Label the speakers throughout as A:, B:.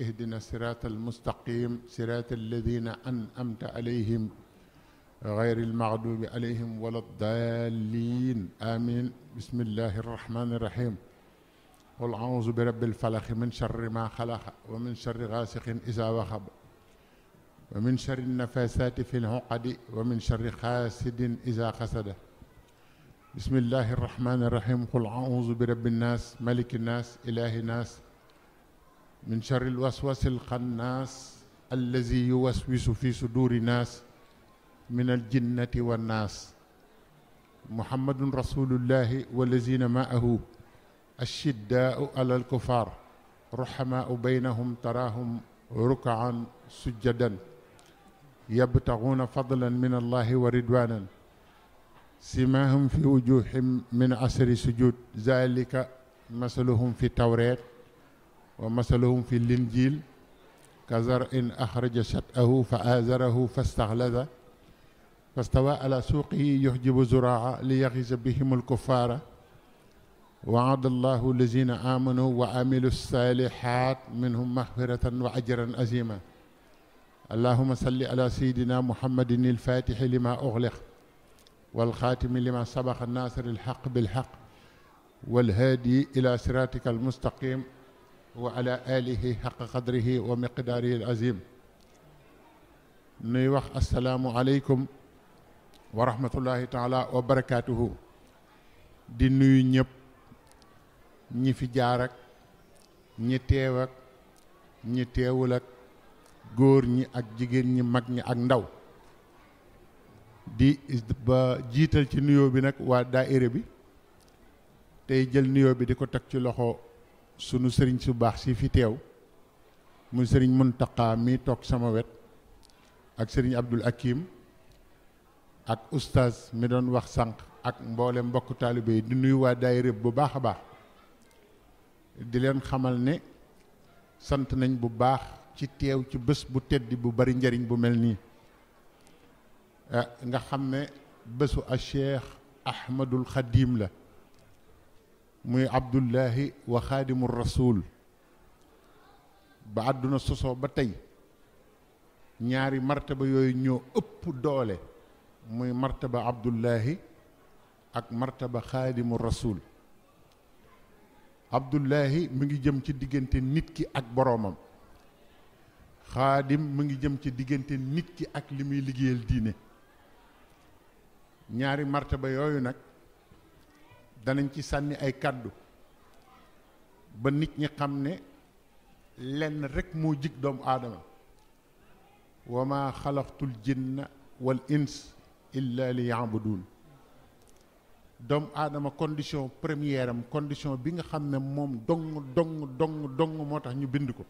A: اهدنا الصراط المستقيم صراط الذين أنعمت عليهم غير المغضوب عليهم ولا الضالين آمين بسم الله الرحمن الرحيم قل أعوذ برب الفلق من شر ما خلق ومن شر غاسق إذا وخب ومن شر النفاسات في العقد ومن شر حاسد إذا حسد بسم الله الرحمن الرحيم قل أعوذ برب الناس ملك الناس إله الناس min charri lwaswas alxannaas allazi yuwaswisu fi suduri naas min aljinnati wannaas muhammadun rasulullahi wallazina maahu ashiddaau ala alkufaar ruhamaau baynahum taraahum rukaan sujjadan yabtaxuuna fadlan min allahi wa ridwanan simaahum fi wujuhim min asari sujud zalika masaluhum fi tawreet wa masaluhum fi linjil kazar in axraja shatahu fa azarahu fastaxlada fastawa ala suuqihi yuxjibu zuraa li yaxisa bihim alkuffara waada allahu lazina amanu wa amilu salihat minhum maxfiratan wa ajran azima allahuma salli ala sayidina muhammadin ilfatixi lima uxliq walxaatimi lima sabaxa nasir alxaq bilxaq walhaadi ila siratika almustaqim wa ala alihi xaq wa miqdaarihi al nuy wax assalaamu aleykum wa rahmatullahi taala wa barakaatuhu di nuyu ñëpp ñi fi jaar ñi teew ñi teewul góor ñi ak jigéen ñi mag ñi ak ndaw di ba jiital ci nuyoo bi nag waa daaira bi tey jël nuyoo bi di ko teg ci loxo sunu sëriñ su baax si fi teew mu sëriñ Muntaqa mi toog sama wet ak sëriñ Abdul Akim ak oustaz mi doon wax sànq ak mboolem mbokk taalibe yi di nuyu waa daayira bu baax a baax di leen xamal ni sant nañ bu baax ci teew ci bés bu tedd bu bari njariñ bu mel nii eh, nga xam ne bésu a Cheikh Ahmadul Xadim la muy abdullahi wa xaadimu rasul ba àdduna sosoo ba tey ñaari martaba yooyu ñoo ëpp doole muy martaba abdullahi ak martaba xaadimu rasul abdullahi mu ngi jëm ci diggante nit ki ak boroomam xaadim mu ngi jëm ci diggante nit ki ak li muy liggéeyal diine ñaari martaba yooyu nag danañ ci sànni ay kàddu ba nit ñi xam ne lenn rekk moo jig doomu aadama wa ma xalaqtul na wal ins illa li yaabuduun doomu aadama condition première am bi nga xam ne moom dong dong dong dong moo tax ñu bind ko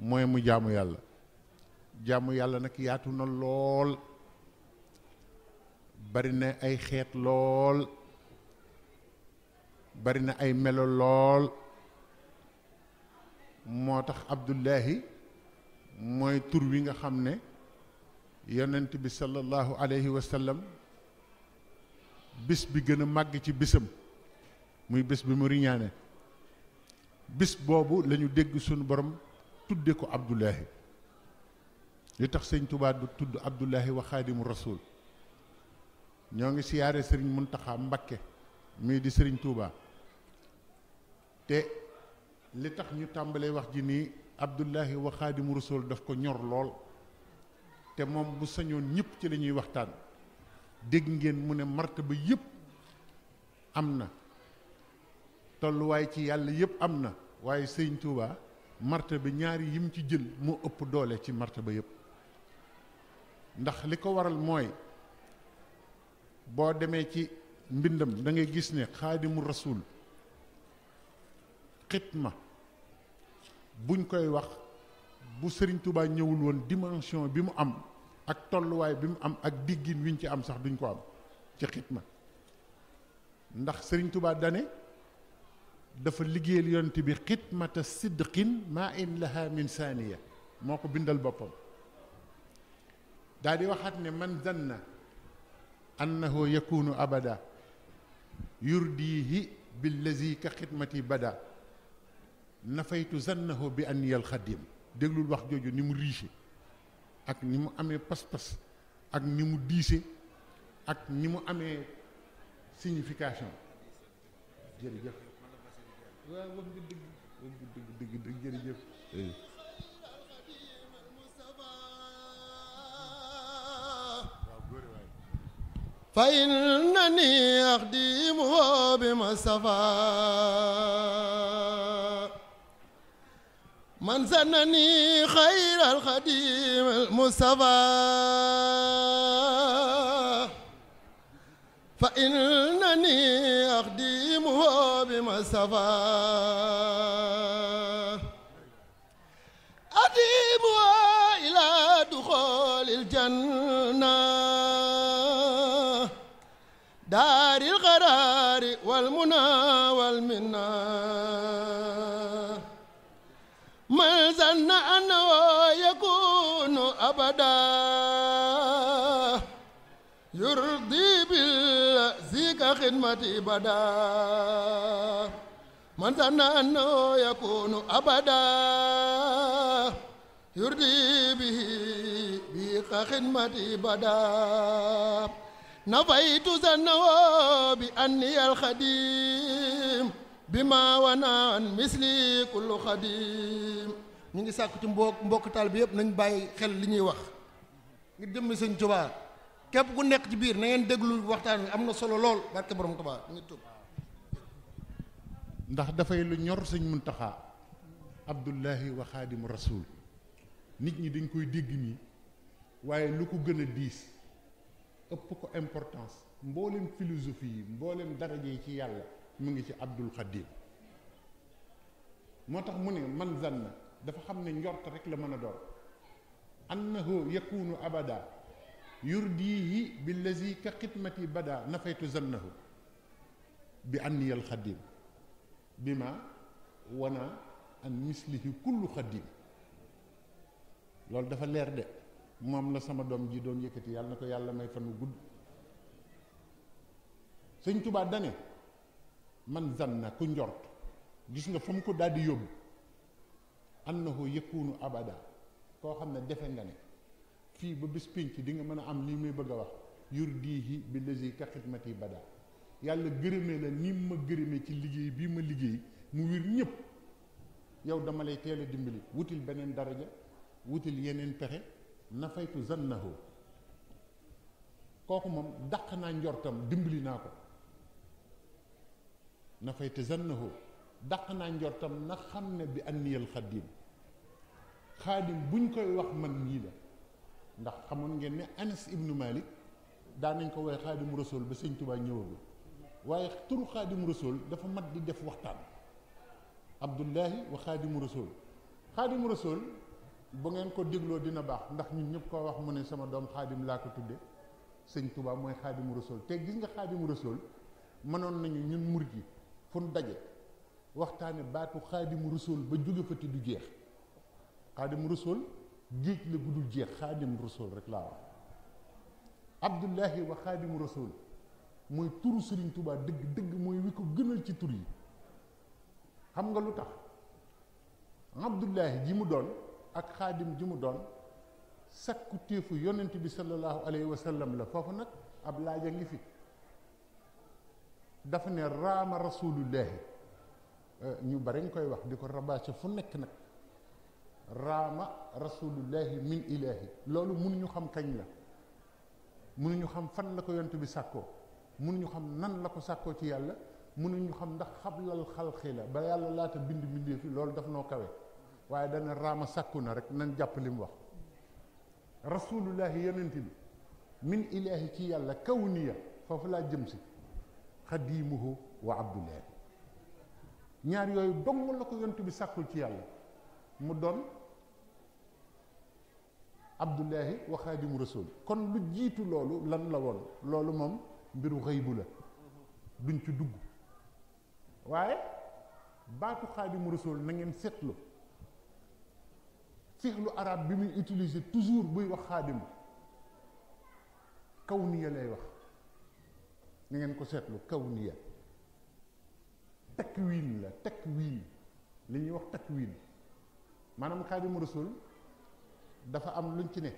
A: mooy mu jaamu yàlla jaamu yàlla nag yaatu na lool bari na ay xeet lool bari na ay melo lool moo tax Abdullahi mooy tur wi nga xam ne yonent bi sallallahu alayhi wa bis bi gën a màgg ci bisam muy bis bi mu riñaane bis boobu lañu dégg sunu borom tudde ko Abdullahi li tax sëñ Tuubaa du tudd Abdullahi wa xaadimu rasul ñoo ngi siyaare sëriñ Muntaxa Mbakke mii di sëriñ Tuubaa te li tax ñu tàmbalee wax ji nii Abdullahi wa Xaadimu Rasul daf ko ñor lool te moom bu sañoon ñëpp ci la ñuy waxtaan dégg ngeen mu ne bi yëpp am na tolluwaay ci yàlla yëpp am na waaye sëñ Touba bi ñaari yim ci jël moo ëpp doole ci martaba yëpp ndax li ko waral mooy boo demee ci mbindam da ngay gis ne Xaadimu Rasul xitma buñ koy wax bu sëriñ Touba ñëwul woon dimension bi mu am ak tolluwaay bi mu am ak diggin wiñ ci am sax duñ ko am ci ma ndax Serigne Touba dane dafa liggéeyal yonent bi xitmata sidqin maa in laha min moo ko bindal boppam daal di waxaat ne man zanna annahu yakunu abada yurdiihi billazi ka xidmati bada nafaytu zannahu bi anniyal xadim déglul wax jooju ni mu riche ak ni mu amee pas-pas ak ni mu diise ak ni mu amee signification jërëjëf waaw wax nga dëgg wax nga dëgg
B: man sanani xayral xadim al mustafa fa innani axdimu bi mustafa adimu ila duxulil janna daaril qaraari wal muna wal minna خدمتي بدا من ظن أنه يكون أبدا يرضي به بك خدمتي بدا نفيت ظنه بأني الخديم بما وانا عن مثلي كل خديم ñu ngi sàkku ci mbokk mbokk taal bi yëpp nañ bàyyi xel li ñuy wax ngir jëmmi sëñ Tuubaa képp ku nekk ci biir na ngeen déglu waxtaan wi am na solo lool barke borom Tuubaa ngi tuub
A: ndax dafay lu ñor sëñ Muntaxaa Abdullahi wa Xaadimu Rasuul nit ñi dañ koy dégg nii waaye lu ko gën a diis ëpp ko importance mboolem philosophie yi mboolem daraje yi ci yàlla mu ngi ci Abdul Xaadim moo tax mu ne man zanna dafa xam ne njort rek la mën a doon annahu yakunu abada yurdihi billazi ka xidmati bada nafaytu zannahu bi anniyal xadim bi ma wana an mislihi kullu xadim loolu dafa leer de moom la sama doom ji doon yëkkati yàlla na ko yàlla may fan wu gudd sëñ tubaa dane man zanna ku njort gis nga fa mu ko daldi yóbbu annahu yakunu abada koo xam ne defe nga ne fii ba bis pénc di nga mën a am lii muy bëgg a wax yur diihi bi lesi ka xidmat yi yàlla gërëmee la ni ma gërëmee ci liggéey bii ma liggéey mu wir ñépp yow dama lay teel a dimbali wutil beneen daraja wutil yeneen pexe na faytu kooku moom daq naa njortam dimbali naa ko na faytu daq dàq naa njortam na xam ne bi anniyal xaddim xaadim buñ koy wax man nii la ndax xamoon ngeen ne Anas ibnu Malik daan nañ ko woowee xaadimu rasul ba sëñ Tuubaa ñëwagul waaye turu xaadimu rasul dafa mat di def waxtaan Abdullahi wa xaadimu rasul xaadimu rasul bu ngeen ko dégloo dina baax ndax ñun ñëpp koo wax mu ne sama doom xaadim laa ko tudde sëñ Tuubaa mooy xaadimu rasul te gis nga xaadimu rasul mënoon nañu ñun murit yi fu nu daje waxtaane baatu xaadimu rasul ba jóge fa te du jeex xaadimu rasul géej la bu gudul jeex xaadim rasul rek laa wax abdullahi wa xaadim rasul mooy turu Serigne Touba dëgg dëgg mooy wi ko gënal ci tur yi xam nga lu tax abdullahi ji mu doon ak xaadim ji mu doon sakku téefu yonent bi sallallahu alayhi wa la foofu nag ab laaj a ngi fi dafa ne raama rasulullahi euh, ñu bari nga koy wax di ko rabaace fu nekk nag raama rasulullahi min ilahi loolu mënuñu xam kañ la mënuñu xam fan la ko yonent bi sàkkoo mënuñu xam nan la ko sàkkoo ci yàlla mënuñu xam ndax xablal xalxi la ba yàlla laata bind bindee fi loolu daf noo kawe waaye dana raama sàkku na rek nan jàpp li mu wax rasulullahi yonent bi min ilahi ci yàlla kaw foofu laa jëm si xadimuhu wa abdullahi ñaar yooyu dong la ko yonent bi sàkkul ci yàlla mu doon abdullahi wa xaadimu rasul kon lu jiitu loolu lan la woon loolu moom mbiru xëybu la duñ ci dugg waaye baatu xaadimu rasul na ngeen seetlu fixlu arab bi muy utiliser toujours buy wax xaadim kaw niya lay wax na ngeen ko seetlu kaw niya takwiin la takwiin li ñuy wax takwiin maanaam xaadimu rasul dafa am luñ ci ne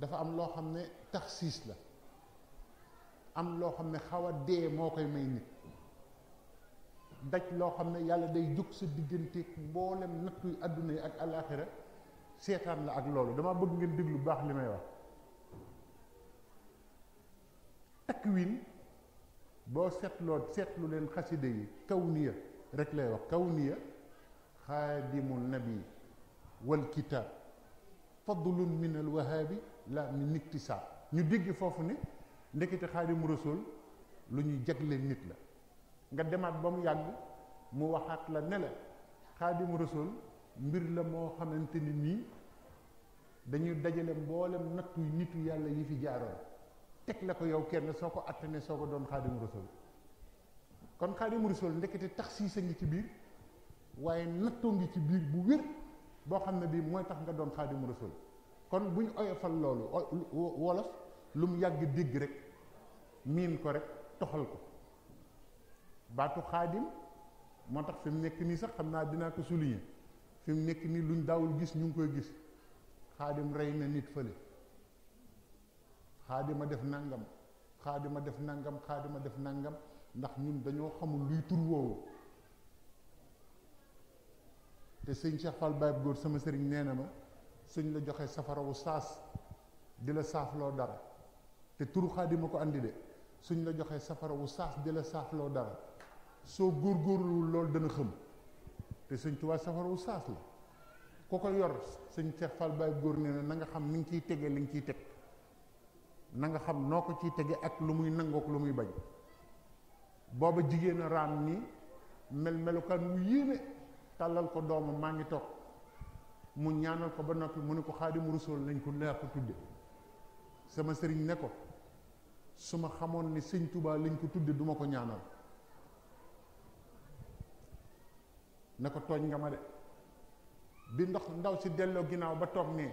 A: dafa am loo xam ne taxsiis la am loo xam ne xaw a dee moo koy may nit daj loo xam ne yàlla day jóg sa diggante mboolem nattuy àdduna yi ak alaaxira seetaan la ak loolu dama bëgg ngeen déglu baax li may wax takwin boo seetloo seetlu leen xasida yi kaw niya rek lay wax kaw niya xaadimu nabi wal kitaab fadlun min al wahaabi la min iktisaab ñu digg foofu ne ndekete xaadimu rasul lu ñuy jagleel nit la nga demaat ba mu yàgg mu waxaat la ne la xaadimu rasul mbir la moo xamante ni nii dañuy dajale mboolem nattu nitu yàlla yi fi jaaroon teg la ko yow kenn soo ko attane soo ko doon xaadimu rasul kon xaadimu rasul ndekete tax sii sa ngi ci biir waaye nattoo ngi ci biir bu wér boo xam ne bii mooy tax nga doon xaadimu rasul kon bu ñu oyofal loolu wolof lu mu yàgg dégg rek miin ko rek toxal ko baatu xaadim moo tax fi mu nekk nii sax xam naa dinaa ko souligner fi mu nekk nii luñ daawul gis ñu ngi koy gis xaadim rey na nit fële xaadima def nangam xaadima def nangam xaadima def nangam ndax ñun dañoo xamul luy tur woowu te sëñ Cheikh Fall Baye góor sama sëriñ nee na ma suñ la joxee safara wu saas di la saafloo dara te turu xaadima ko andi de suñ la joxee safara wu saas di la saafloo dara soo góor góorgóorluwul loolu dana xëm te sëñ Tuubaa safara wu saas la ku ko yor sëñ Cheikh Fall Baye góor nee na na nga xam ni nga ciy tegee li nga ciy teg na nga xam noo ko ciy tegee ak lu muy nangook lu muy bañ booba jigéen a raam ni mel melukaan wu yéeme tàllal ko doomam maa ngi toog mu ñaanal ko ba noppi mu ne ko xaadimu rasul lañ ko laa ko tudde sama sëriñ ne ko su ma xamoon ne sëñ Tuubaa lañ ko tudde duma ko ñaanal na ko tooñ nga ma de bi ndox ndaw si delloo ginnaaw ba toog ne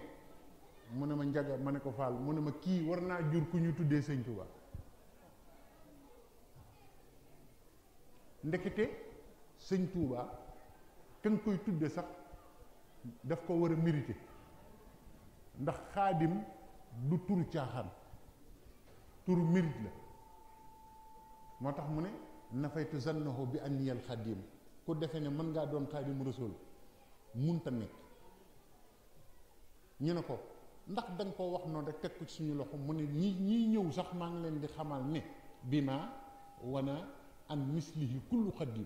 A: mu ne ma njaga ma ne ko faal mu ne ma kii war naa jur ku ñu tuddee sëñ Tuubaa ndekete sëñ Tuubaa ka koy tudde sax daf ko war a mérité ndax xaadim du tur caaxaan tur mirit la moo tax mu ne nafaytu zannahu bi anniyal xaadim ku defe ne mën ngaa doon xaadim rasul munta nekk ñu ne ko ndax da ko wax noonu rek teg ko ci suñu loxo mu ne ñi ñiy ñëw sax maa ngi leen di xamal ne bi ma wana an mislihi kullu xaadim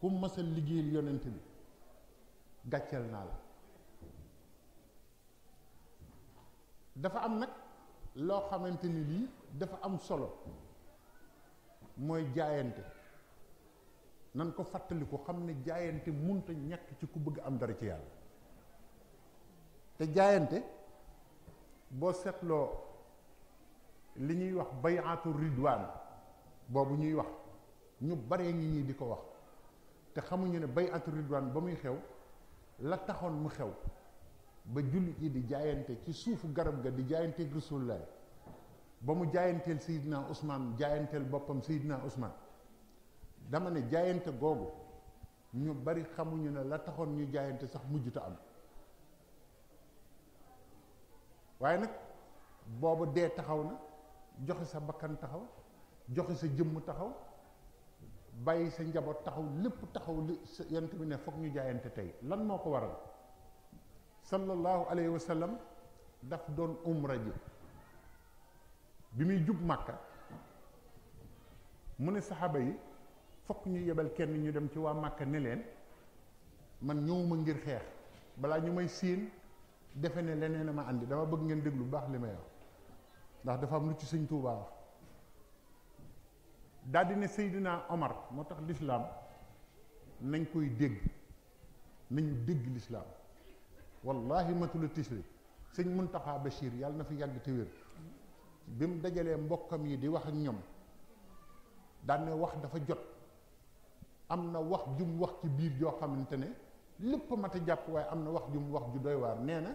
A: ku mës a liggéeyal yonent bi gàcceel naa la dafa am nag loo xamante ni lii dafa am solo mooy jaayante nan ko fàttaliku xam ne jaayante munta ñekk ci ku bëgg am dara ci yàlla te jaayante boo seetloo li ñuy wax ba bayaatu ridwaan boobu ñuy wax ñu bare ngi ñii di ko wax te xamuñu ne bay atu ridwaan ba muy xew la taxoon mu xew ba jullit yi di jaayante ci suufu garab ga di jaayanteeg rasulullaay ba mu jaayanteel Seydina usmaan jaayanteel boppam Seydina Ousmane dama ne jaayante googu ñu bari xamuñu ne la taxoon ñu jaayante sax mujjuta am waaye nag booba dee taxaw na joxe sa bakkan taxaw joxe sa jëmm taxaw bàyyi sa njaboot taxaw lépp taxaw li sa yant bi ne foog ñu jaayante tey lan moo ko waral sallallahu alayhi wa sallam daf doon umra ji bi muy jub màkka mu ne saxaaba yi fokk ñu yebal kenn ñu dem ci waa màkka ni leen man ñëwuma ngir xeex balaa ñu may siin defe ne leneen a ma indi dama bëgg ngeen déglu baax li may wax ndax dafa am lu ci sëñ Tuubaa daal di ne Seydina Omar moo tax lislaam nañ koy dégg nañ dégg lislaam wallahi matula tisri sëñ taxa Bachir yàlla na fi yàgg te bi mu dajalee mbokkam yi di wax ak ñoom daan wax dafa jot am na wax jum wax ci biir joo xamante ne lépp mat a jàpp waaye am na wax jum wax ju doy waar nee na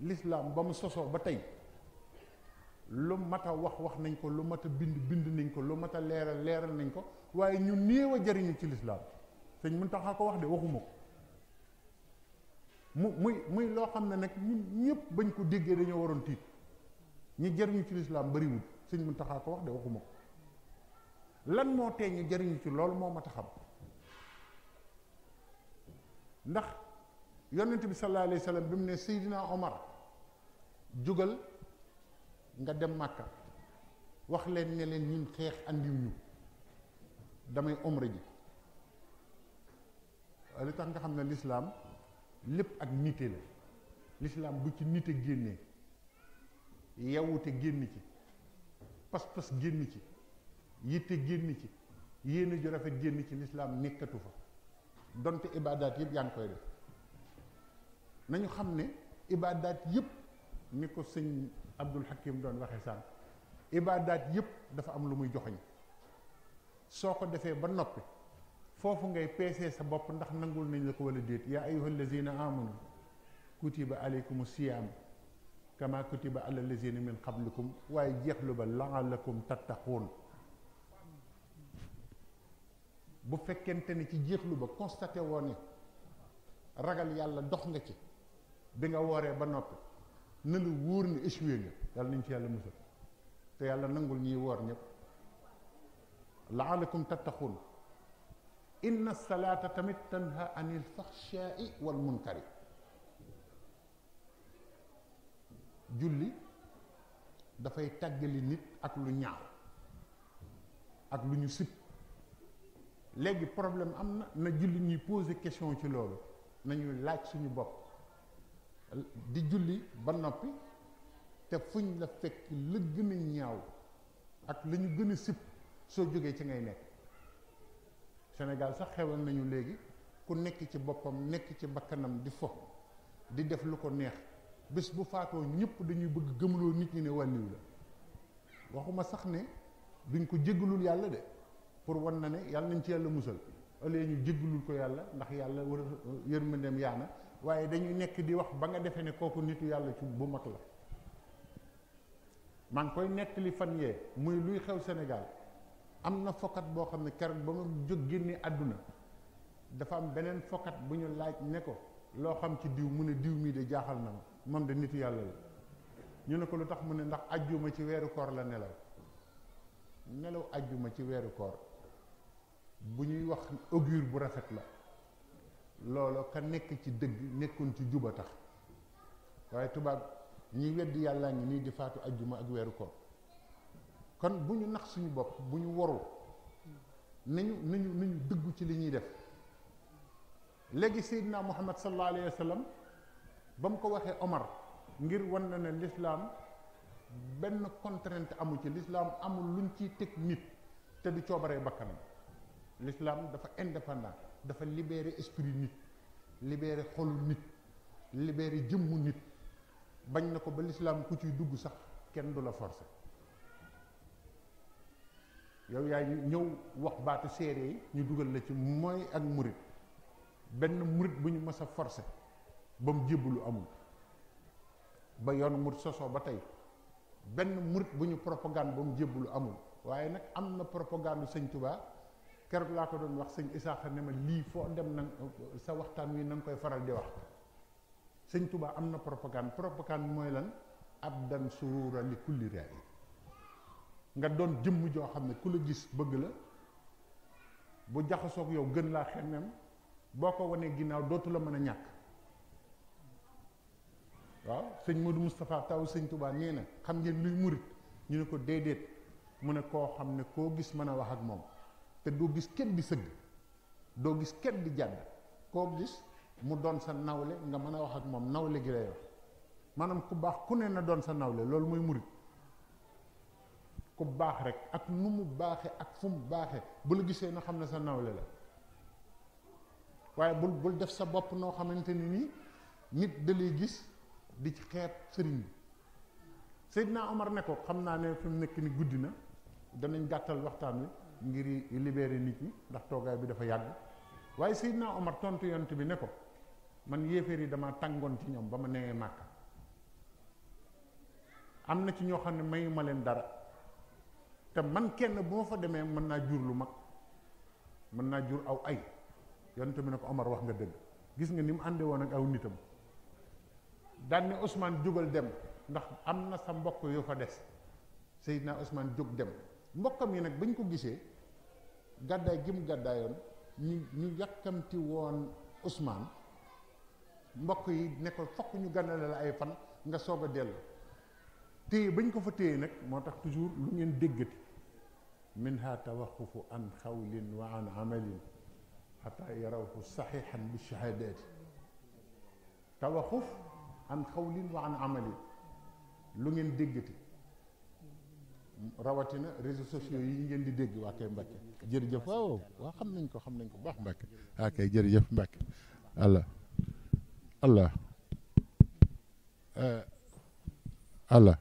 A: lislaam ba mu sosoo ba tey lu mat a wax wax nañ ko lu mat a bind bind nañ ko lu mat a leeral leeral nañ ko waaye ñu néew a jariñu ci lislaam sëñ mun taxaa ko wax de waxuma ko mu muy muy loo xam ne nag ñun ñëpp bañ ko déggee dañoo waroon tiit ñi jariñu ci lislaam bariwul sëñ mun taxaa ko wax de waxuma ko lan moo tee ñu jariñu ci loolu moo mat a xam ndax yonent bi sallallahu alayhi wa bi mu ne Seydina Omar jógal nga dem màkka wax leen ne leen ñun xeex andiw ñu damay omra ji li tax nga xam ne lislaam lépp ak nite la lislaam bu ci nite génnee yawute génn ci pas-pas génn ci yitte génn ci yéene ju rafet génn ci lislaam nekkatu fa donte ibaadaat yëpp yaa ngi koy def nañu xam ne ibaadaat yëpp ni ko sëñ Abdul Hakim doon waxe sànq ibaadaat yépp dafa am lu muy joxoñ soo ko defee ba noppi foofu ngay peesee sa bopp ndax nangul nañ la ko wala déet yaa ayyuha lazina amanu kutiba alaykum siyaam kama ba ala lazina min qablikum waaye jeexlu ba laalakum tattaquun bu fekkente ni ci jeexlu ba constaté woon ragal yàlla dox nga ci bi nga wooree ba noppi na la wóor ne échoué yàlla nañ ci yàlla musal te yàlla nangul ñiy woor ñëpp laalakum tattaxun inna salaata tamit tanha anil faxshaai wal munkari julli dafay tàggali nit ak lu ñaaw ak lu ñu sib léegi problème am na na julli ñuy poser question ci loolu nañuy laaj suñu bopp di julli ba noppi te fuñ la fekk la gën a ñaaw ak la ñu gën a sib soo jógee ci ngay nekk Sénégal sax xewal nañu léegi ku nekk ci boppam nekk ci bakkanam di fo di def lu ko neex bés bu faatoo ñëpp dañuy bëgg gëmloo nit ñi ne wàlliw la waxuma sax ne duñ ko jéggalul yàlla de pour wan na ne yàlla nañ ci yàlla musal au ñu jéggalul ko yàlla ndax yàlla war a yërmandeem yaana waaye dañuy nekk di wax ba nga defee ne kooku nitu yàlla ci bu mag la maa ngi koy li fan yee muy luy xew Sénégal am na fokat boo xam ne keroog ba ma jóg génne àdduna dafa am beneen fokat bu ñu laaj ne ko loo xam ci diw mu ne diw mii de jaaxal na ma moom de nitu yàlla la ñu ne ko lu tax mu ne ndax ajjuma ci weeru koor la nelaw nelaw ajjuma ci weeru koor bu ñuy wax augure bu rafet la looloo ka nekk ci dëgg nekkoon ci juba tax waaye tubaab ñiy weddi yàllaa ngi nii di faatu ajjuma ak weeru koor kon bu ñu nax suñu bopp bu ñu waru nañu nañu nañu dëggu ci li ñuy def léegi seydina muhammad sallallahu alayhi wa sallam ba mu ko waxee omar ngir wan na ne lislaam benn contrainte amu ci lislaam amul luñ ciy teg nit te du coobaree bakkanam lislaam dafa indépendant dafa libérer esprit nit libérer xolu nit libérer jëmmu nit bañ na ko ba lislaam ku ciy dugg sax kenn du la forcer yow yaay ñëw wax baatu séeréer yi ñu dugal la ci mooy ak murit benn murit bu ñu mës a forcer ba mu jébbalu amul ba yoon murit sosoo ba tey benn murit bu ñu propagande ba mu jébbalu amul waaye nag am na propagande Sëñ Tuubaa keroog laa ko doon wax sëñ Isaaxa ne ma lii foo dem na sa waxtaan wii nanga koy faral di wax sëñ tubaa am na propagande propagande mooy lan ab dan surura li kulli raay nga doon jëmm joo xam ne ku la gis bëgg la bu jaxasoog yow gën laa xemmem boo ko wanee ginnaaw dootu la mën a ñàkk waaw sëñ Modou Moustapha taw sëñ Touba nee na xam ngeen luy murit ñu ne ko déedéet mu ne koo xam ne koo gis mën a wax ak moom te doo gis kenn di sëgg doo gis kenn di jàdd koo gis mu doon sa nawle nga mën a wax ak moom nawle gi lay wax maanaam ku baax ku ne na doon sa nawle loolu mooy murit ku baax rek ak nu mu baaxe ak fu mu baaxe bu la gisee na xam ne sa nawle la waaye bul bul def sa bopp noo xamante ni nii nit da lay gis di ci xeet sëriñ bi Seydina Omar ne ko xam naa ne fi mu nekk ni guddi na danañ gàttal waxtaan wi ngir libérer nit ñi ndax toogaay bi dafa yàgg waaye Seydina Omar tontu yont bi ne ko man yéeféer yi dama tàngoon ci ñoom ba ma newee màkk am na ci ñoo xam ne mayu ma leen dara te man kenn bu ma fa demee mën naa jur lu mag mën naa jur aw ay yont bi ne ko Omar wax nga dëgg gis nga ni mu àndee woon ak aw nitam daan ne jógal dem ndax am na sa mbokk yoo fa des Seydina Ousmane jóg dem mbokkam yi nag bañ ko gisee gàddaay gi mu gàddaayoon ñu ñu yàkkamti woon Ousmane mbokk yi ne ko fokk ñu gànnale la ay fan nga soog a dellu téye bañ ko fa téye nag moo tax toujours lu ngeen déggati minha tawaqufu an xawlin wa an amalin xataa yarawhu saxiixan bi shahaadaati tawaxuf an xawlin wa an amalin lu ngeen déggati rawatina réseaux sociaux yi ngeen di dégg waa kay Mbacke jërëjëf waaw waaw xam nañ ko xam nañ ko baax Mbacke waa ah, kay jërëjëf Mbacke allah allah eh, allah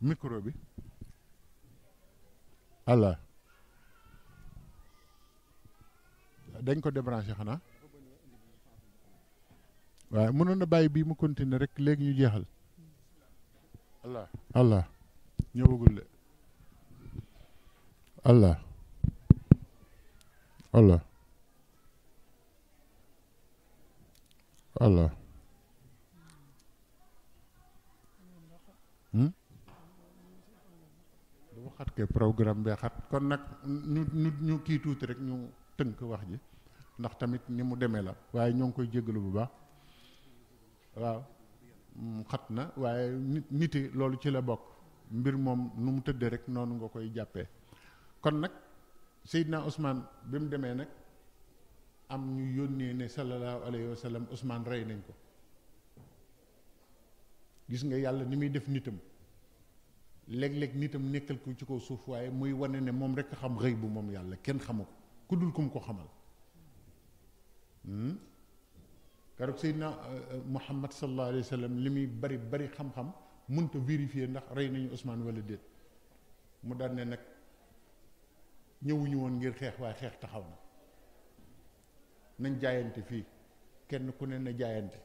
A: micro bi allah dañ ko débranché xanaa waaye mënoon na bàyyi bii mu continuer rek léegi ñu jeexal allah allah ñëwagul de allah allah allah hmm? dafa xat ke programme bee xat kon nag ñu ñu ñu kii tuuti rek ñu tënk wax ji ndax tamit ni mu demee la waaye ñoo ngi koy jégalu bu baax waaw xat na waaye nit niti loolu ci la bokk mbir moom nu mu tëddee rek noonu nga koy jàppee kon nag Seydina Ousmane bi mu demee nag am ñu yónnee ne sallallahu alayhi wa sallam rey nañ ko gis nga yàlla ni muy def nitam léeg-léeg nitam nekkal ko ci kaw suuf waaye muy wane ne moom rek xam rëy bu moom yàlla kenn xamu ko ku dul kum ko xamal hmm? keroog Seydina euh, euh, Muhammad sallallahu alayhi wa li muy bari bari xam-xam mënta vérifier ndax rey nañu usmaan wala déet mu daan ne nag ñëwuñu woon ngir xeex waaye xeex taxaw na nañ jaayante fii kenn ku ne na jaayante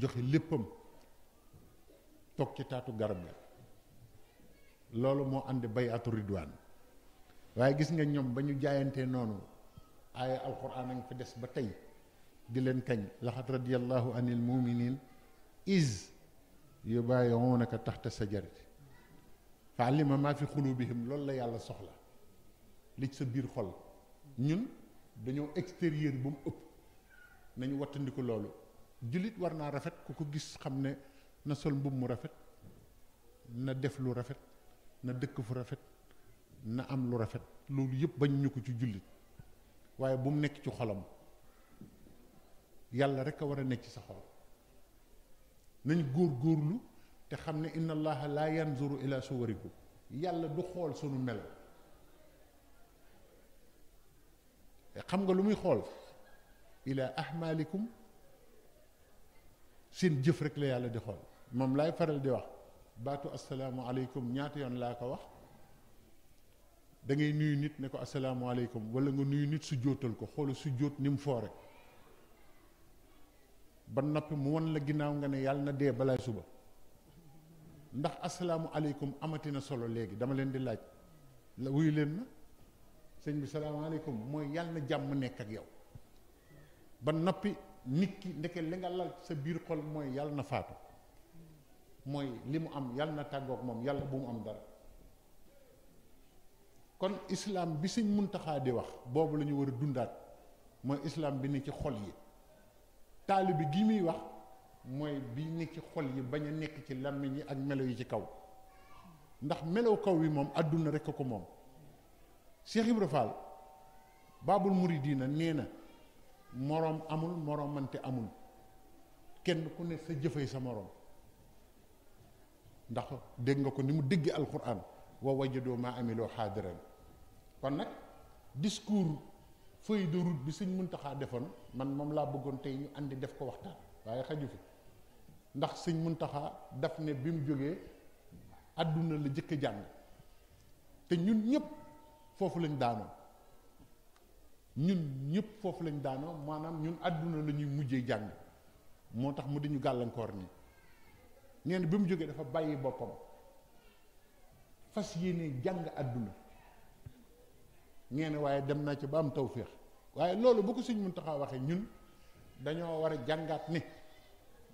A: joxe léppam toog ci taatu garab ga loolu moo ànd bayatu ridwaan waaye gis nga ñoom ba ñu jaayantee noonu aaya alxuraan a ngi fi des ba tey di leen kañ laxat radiallahu an il muminin is yubayi'unaka taxta sajarati fa alima maa fi xulubihim loolu la yàlla soxla li ci sa biir xol ñun dañoo extérieur ba mu ëpp nañu wattandiku loolu jullit war naa rafet ku ko gis xam ne na sol mbubb mu rafet na def lu rafet na dëkk fu rafet na am lu rafet loolu yëpp bañ ñu ko ci jullit waaye bu mu nekk ci xolam yàlla rek a war a nekk ci sa xol nañ góor góorlu te xam ne inna allaha laa yanzuru ila suwarikum yàlla du xool sunu melo xam nga lu muy xool ila ahmalikum seen jëf rek la yàlla di xool moom laay faral di wax baatu asalaamu aleykum ñaata yoon laa ko wax da nuyu nit ne ko asalaamu aleykum wala nga nuyu nit su jóotal ko xoolu su jóot ni mu ba noppi mu wan la ginnaaw nga ne yàlla na dee balaa suba ndax asalaamualeykum amati na solo léegi dama leen di laaj la wuy leen ma sëñ bi salaamaaleykum mooy yàlla na nekk ak yow ba noppi nit ki ndeke sa biir xol mooy yàlla na faatu mooy li mu am yàlla na tàggoog moom yàlla bu mu am dara kon islam bi sëñ taxaa di wax boobu la war a dundaat mooy islaam bi ni ci xol yi taalibi gi muy wax mooy bi nekk ci xol yi bañ a nekk ci làmmiñ yi ak melo yi ci kaw ndax melow kaw wi moom àdduna rekk ko moom Cheikh Ibra Fall baabul muridina nee na moroom amul moroomante amul kenn ku ne sa jëfee sa moroom ndax dégg nga ko ni mu dégg alquran wa wajadoo maa amiloo xaadiran kon nag discours feuille de route bi sëñ Muntaxa defoon man moom laa bëggoon tey ñu andi def ko waxtaan waaye xaju fi ndax sëñ Muntaxa daf ne bi mu jógee àdduna la jëkk jàng te ñun ñëpp foofu lañ daanoo ñun ñëpp foofu lañ daanoo maanaam ñun àdduna la ñuy mujjee jàng moo tax mu di gàllankoor nii nee bi mu jógee dafa bàyyi boppam fas yéene jàng àdduna ngeen waaye dem naa ci ba am tawféex waaye loolu bu ko Sëñ taxaw waxee ñun dañoo war a jàngaat ni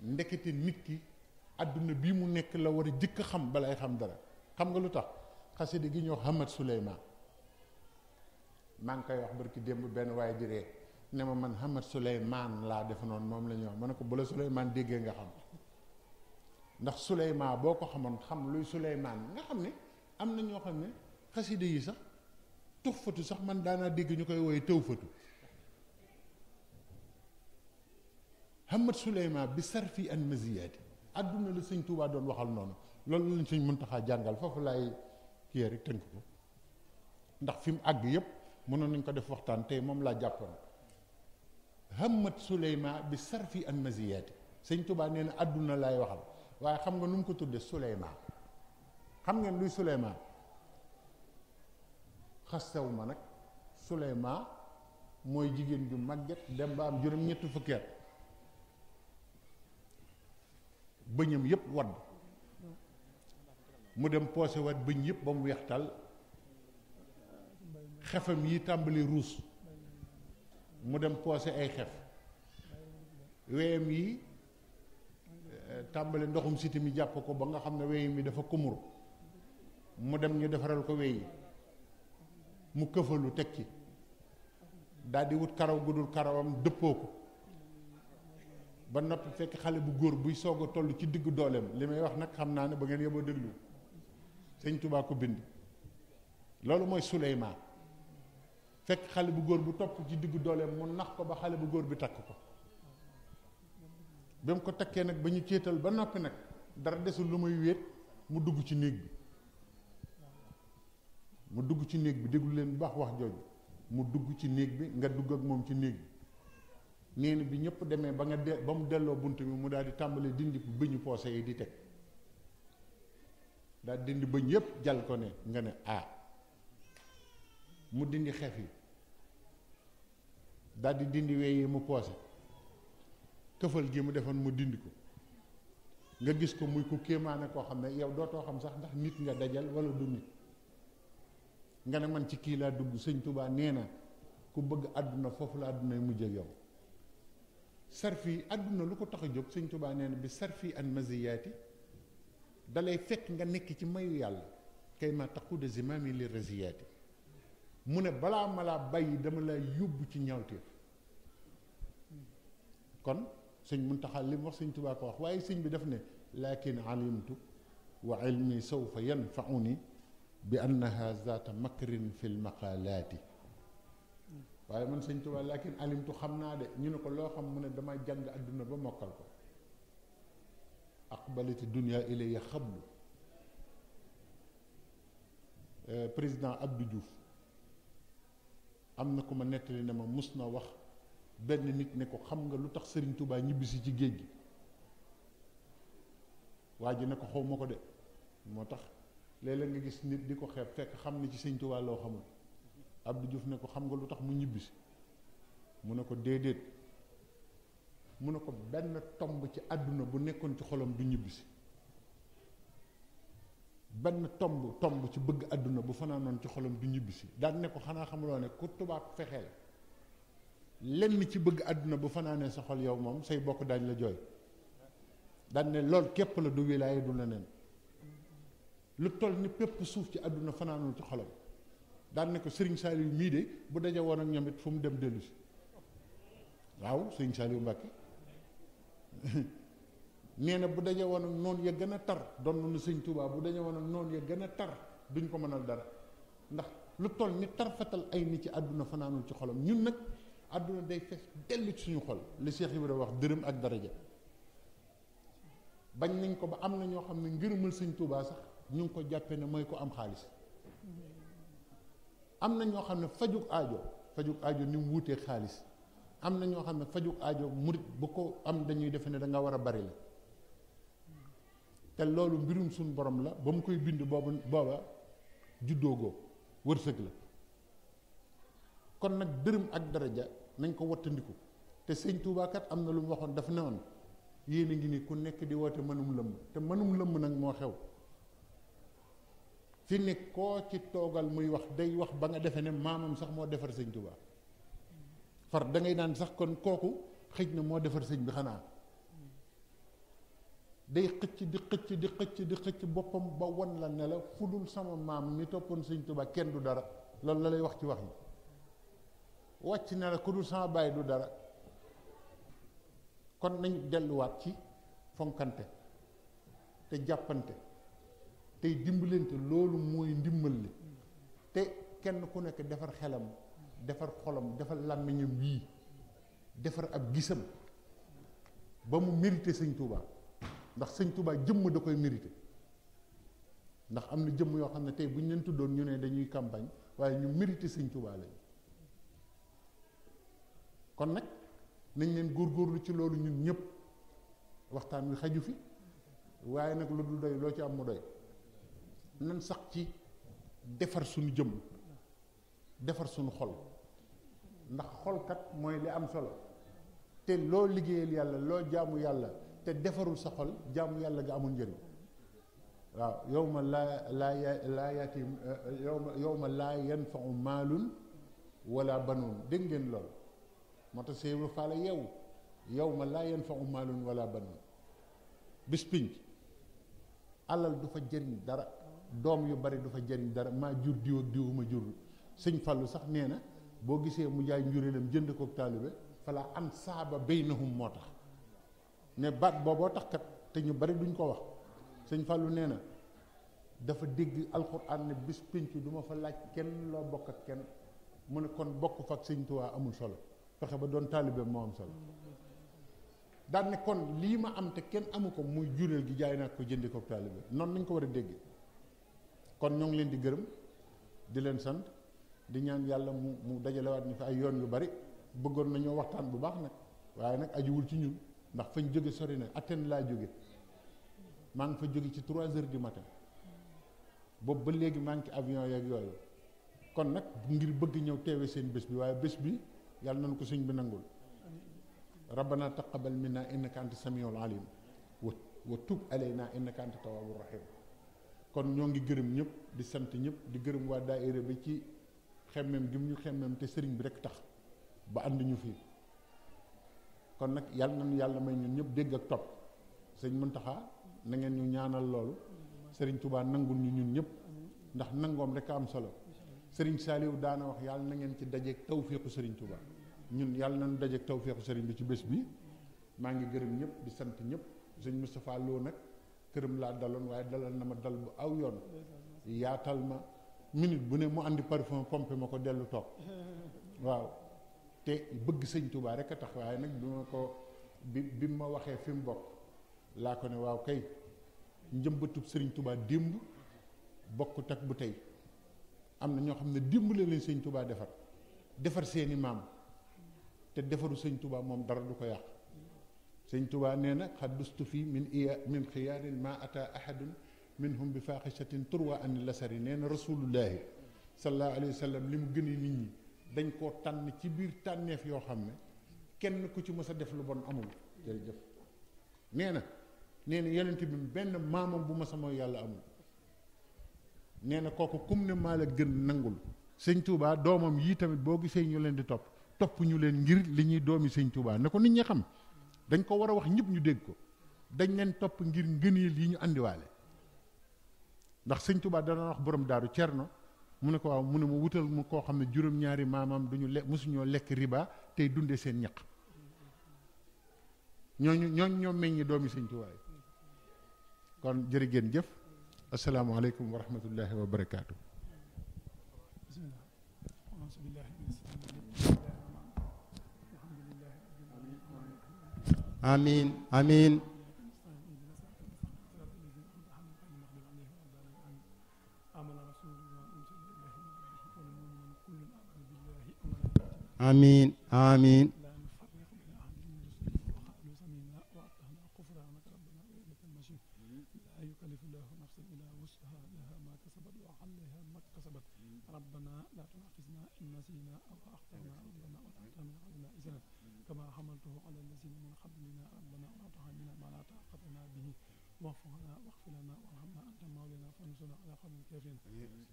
A: ndekete nit ki àdduna bii mu nekk la war a jëkk xam balay xam dara xam nga lu tax xasida gi ñoo Hamad Souleymane maa ngi koy wax barki démb benn waaye di ree ne ma man Hamad Souleymane laa defe noon moom la ñuy wax ma ne ko bu la Souleymane déggee nga xam ndax Souleymane boo ko xamoon xam luy Souleymane nga xam ne am na ñoo xam ne xasida yi sax tux fatu sax man daanaa dégg ñu koy wooye tëw fatu Hamad Souleymane bi sarfi an maziyaati àdduna la sëñ Tuubaa doon waxal noonu loolu lañ sëñ Muntaxa jàngal foofu laay kiyee rek tënk ko ndax fi mu àgg yépp mënoon nañ ko def waxtaan tey moom laa jàppoon Hamad Souleymane bi sarfi an maziyaati sëñ Tuubaa nee na àdduna laay waxal waaye xam nga nu mu ko tudde Souleymane xam ngeen luy Souleymane xastew ma nag Suleyma mooy jigéen ju màgget dem ba am juróom ñetti fukki at yépp wadd mu dem poosé waat bëñ yépp ba mu weextal xefam yi tàmbali ruus mu dem poosé ay xef weyam yi euh, tàmbali ndoxum siti mi jàpp ko ba nga xam ne weyam yi dafa kumur mu dem ñu defaral ko wey mu këfalu teg ci daldi wut karaw gudul karawam dëppoo ko ba noppi fekk xale bu góor buy soog a toll ci diggu dooleem li may wax nag xam naa ne ba ngeen yóbboo déglu sëñ Tuubaa ko bind loolu mooy Suleymaan fekk xale bu góor bu topp ci diggu dooleem mu nax ko ba xale bu góor bi takk ko ba mu ko takkee nag ba ñu céetal ba noppi nag dara desul lu may wéet mu dugg ci néeg bi mu dugg ci néeg bi déglu leen bu baax wax jooju mu dugg ci néeg bi nga dugg ak moom ci néeg bi nee bi ñëpp demee ba nga de ba mu delloo bunt bi mu daal di tàmbali dindi bëñu poose yi di teg daal dindi bëñ yëpp jal ko ne nga ne ah mu dindi xef yi daldi di dindi wee mu poose këfal gi mu defoon mu dindi ko nga gis ko muy ku kéemaane koo xam ne yow dootoo xam sax ndax nit nga dajal wala du nit nga ne man ci kii laa dugg sëñ Touba nee na ku bëgg àdduna foofu la àdduna mujj ak yow sarfi àdduna lu ko tax a jóg sëñ Touba nee na bi sarfi an maziyaati dalay fekk nga nekk ci mayu yàlla kay ma taquda zimaami li raziyaati mu ne balaa ma laa bàyyi dama laa yóbbu ci ñawteef kon sëñ mun li mu wax sëñ Touba ko wax waaye sëñ bi def ne lakin alimtu wa ilmi sawfa yanfauni bi annaha zaata makrin fi lmaqalaati waaye man sëñ Tuubaa lakin alimtu xam naa de ñu ne ko loo xam mu ne damay jàng àdduna ba mokkal ko aqbalati dunia ilayya xablu euh, président Abdou Diouf am na ku ma nettali na ma mus na wax benn nit ne ko xam nga lu tax sëriñ Tuubaa ñibbisi ci géej gi waa ji ne ko xaw ma ko de moo tax léeg nga gis nit di ko xeeb fekk xam ne ci sëñ Tuubaa loo xamul Abdou Diouf ne ko xam nga lu tax mu ñibbisi mu ne ko déedéet mu ne ko benn tomb ci àdduna bu nekkoon ci xolam du ñibbisi benn tomb tomb ci bëgg àdduna bu fanaanoon ci xolam du ñibbisi daan ne ko xanaa xamuloo ne ku tubaab fexeel lenn ci bëgg àdduna bu fanaanee sa xol yow moom say bokk daañ la jooy daan ne lool képp la du wilaaya du leneen lu toll ni pépp suuf ci àdduna fanaanul ci xolam daan ne ko Serigne Saliou mii de bu daje woon ak ñoom it fu mu dem dellu si waaw Serigne Saliou Mbacke nee nag bu daje woon ak noonu ya gën a tar doon na Serigne Touba bu daje woon ak noonu ya gën a tar duñ ko mënal dara ndax lu toll ni tarfatal ay nit ci àdduna fanaanul ci xolam ñun nag àdduna day fees dellu suñu xol li Cheikh Ibrahima wax dërëm ak daraja bañ nañ ko ba am na ñoo xam ne ngërëmal Serigne Touba ñu ngi ko jàppe ne mooy ko am xaalis am na ñoo xam ne fajug ajo fajug ajo ni mu wuutee xaalis am na ñoo xam ne fajug aajo murit bu ko am dañuy defe ne da war a bari la te loolu mbirum suñ borom la ba mu koy bind booba booba juddoogoo wërsëg la kon nag dërëm ak daraja nañ ko wattandiku te sëñ Tuubaa am na lu mu waxoon dafa ne woon yéen a ngi ni ku nekk di woote mënum lëmm te mënum lëmm nag moo xew fi ni koo ci toogal muy wax day wax ba nga defee ne maamam sax moo defar sëñ Tuubaa far da ngay naan sax kon kooku xëj na moo defar sëñ bi xanaa day xëcc di xëcc di xëcc boppam ba won la nelaw la fu sama maam mi toppoon sëñ Tuubaa kenn du dara loolu la lay wax ci wax yi wàcc ne la ku dul sama bàyyi du dara kon nañ delluwaat ci fonkante te jàppante tey dimbalante loolu mooy ndimbal li te kenn ku nekk defar xelam defar xolam defar làmmiñam wii defar ab gisam ba mu mérité sëñ Touba ndax sëñ Touba jëmm da koy mérité ndax am na jëmm yoo xam ne tey bu ñu leen tuddoon ñu ne dañuy campagne waaye ñu mérité sëñ Touba lañ kon nag nañ leen góor góorgóorlu ci loolu ñun ñëpp waxtaan wi xaju fi waaye nag lu dul doy loo ci am mu doy nan sax ci defar suñu jëm defar suñu xol ndax xolkat mooy li am solo te loo liggéeyal yàlla loo jaamu yàlla te defarul sa xol jaamu yàlla nga amul njëriñ waaw yow ma laa laa laa yow euh, ma yow ma laa yanfau maalun wala banoon dégg ngeen lool moo tax Seydou Fall yow yow ma laa yanfau maalun wala banoon bis alal du fa jëriñ dara doom yu bari du fa jëriñ dara maa jur diw ak diwuma jur sëñ Fallou sax nee na boo gisee mu jaay njuréelam jënd kook taalibe falaa am saaba baynahum moo tax ne baat booboo tax kat te ñu bari duñ ko wax sëñ Fallou nee na dafa dégg alxuraan ne bis pénc du ma fa laaj kenn loo bokk ak kenn mu ne kon bokk fa ak sëñ Tuubaa amul solo fexe ba doon taalibe moo am solo daan ne kon lii ma am te kenn amu ko muy juréel gi jaay naa ko jëndi kook taalibe noonu nañ ko war a dégg kon ñoo ngi leen di gërëm di leen sant di ñaan yàlla mu mu dajalewaat ñi fi ay yoon yu bari bëggoon nañoo waxtaan bu baax nag waaye nag ajuwul ci ñun ndax fañ jóge sori na Athènes laa jóge maa ngi fa jóge ci trois heures du matin boobu ba léegi maa ngi ci avion yeeg yooyu kon nag ngir bëgg ñëw teewe seen bés bi waaye bés bi yàlla nañu ko sëñ bi nangul rabbana taqabal minna innaka anta samiul alim wa tub alayna innaka anta tawwabur rahim kon ñoo ngi gërëm ñëpp di sant ñëpp di gërëm waa daayira bi ci xemmem gi mu ñu xemmem te sëriñ bi rek tax ba ànd ñu fii kon nag yàlla nañu yàlla may ñun ñëpp dégg ak topp sëñ Muntaxa na ngeen ñu ñaanal loolu sëriñ tubaa nangul ñu ñun ñëpp ndax nangoom rek a am solo sëriñ Saliou daana wax yàlla na ngeen ci dajeeg tawféexu sëriñ Touba ñun na nañu dajeeg tawféexu sëriñ bi ci bés bi maa ngi gërëm ñëpp di sant ñëpp sëñ Moustapha Lo nag. këram laa daloon waaye dalal na ma dal bu aw yoon yaatal ma minute bu ne mu àndi parfum pompé ma ko dellu toog waaw te bëgg sëñ tubaa rek a tax waaye nag duma ko bi bi ma waxee fi mu bokk laa ko ne waaw kay njëmbatub sëriñ tubaa démb bokkut ak bu tey am na ñoo xam ne démb la leen sëñ Tuubaa defar defar seeni maam te defaru sëñ Tuubaa moom dara du ko yàq sëñ tubaa nee na xaddustu fi min iya min xiyaarin ma ata ahadun minhum bi faaxishatin turwa ani lasari nee na rasulullahi sallallahu alayhi wa sallam li mu gën nit ñi dañ koo tànn ci biir tànneef yoo xam ne kenn ku ci mës a def lu bon amul jërëjëf nee na nee na yonent bi benn maamam bu ma a mooy yàlla amul nee na kooku kum ne maa la gën nangul sëñ Touba doomam yii tamit boo gisee ñu leen di topp topp ñu leen ngir li ñuy doomi sëñ Touba na ko nit xam dañ ko war a wax ñëpp ñu dégg ko dañ leen topp ngir ngëneel yi ñu àndiwaale ndax sëñ Tuubaa dana wax borom daaru cerno mu ne ko waaw mu ne mu wutal mu koo xam ne juróom-ñaari maamam duñu le mosuñoo lekk riba tey dunde seen ñaq ñooñu ñooñ ñoo meññi doomi sëñ Tuubaa kon jërë ngeen jëf asalaamaaleykum wa rahmatullahi wa barakaatu. آمين آمين آمين آمين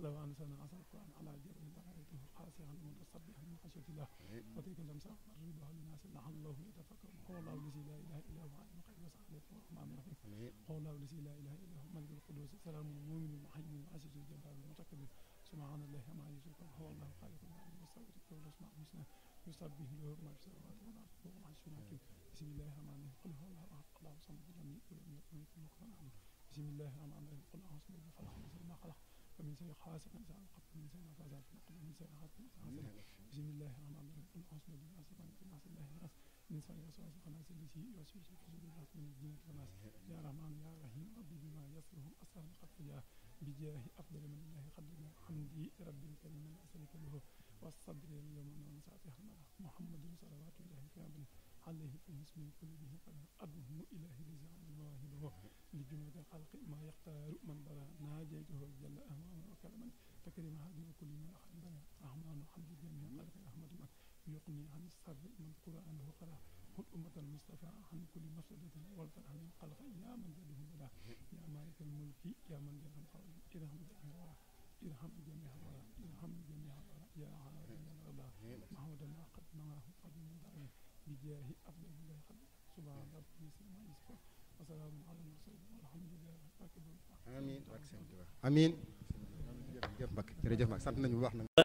C: لو أن سنة أصبت أن على الجبل لرأيته خاشعا متصدعا من خشية الله وتلك الأمثال نضربها للناس لعلهم يتفكرون قول الله الذي لا إله إلا هو عالم الغيب والشهادة هو الرحمن الرحيم قول الله الذي لا إله إلا هو ملك القدوس السلام المؤمن المحيي العزيز الجبار المتكبر سبحان الله ما يشركون هو الله خالق العالم المستودع له الأسماء الحسنى يسبح له ما في السماوات والأرض وهو العزيز الحكيم بسم الله الرحمن الرحيم قل هو الله أحد من شر حاسد إذا وقب من شر الحسد من شر حاسد بسم الله الرحمن الرحيم قل أعوذ برب الناس مالك الناس إله الناس من شر الوسواس الخناس الذي يوسوس في صدور الناس من الجنة والناس يا رحمن يا رحيم ربي بما يصلهم أسلم قد جاء بجاه أفضل من الله قد حمدي رب الكريم من أسألك له والصبر اليوم من ساعته محمد صلوات الله عليه في اسم قلوبه قد أدعو إلهي لزعم المواهب li junuudi xalqi ma yaxtaaru man bara naajaytuhu jalla amama wa kalaman takrima hadima kulli ma axad bana rahmanu xamdi jamii xalqi ahmadu man yuqni an sarri man quranahu xara xut ummatan mustafa an kulli masadatin waltar amin xalqa yaa man jaduhu bada yaa malikal mulki yaa man jadam xawli irham jamii wara irham jamii wara irham jamii wara yaa aaliman rada mahmadana qad maahu fadlu daayi bijaahi afdal bilay xad subhaana rabbi sama isfa amiin amiin jërëjëf
B: Mbacke jërëjëf Mbacke sant nañu bu baax nag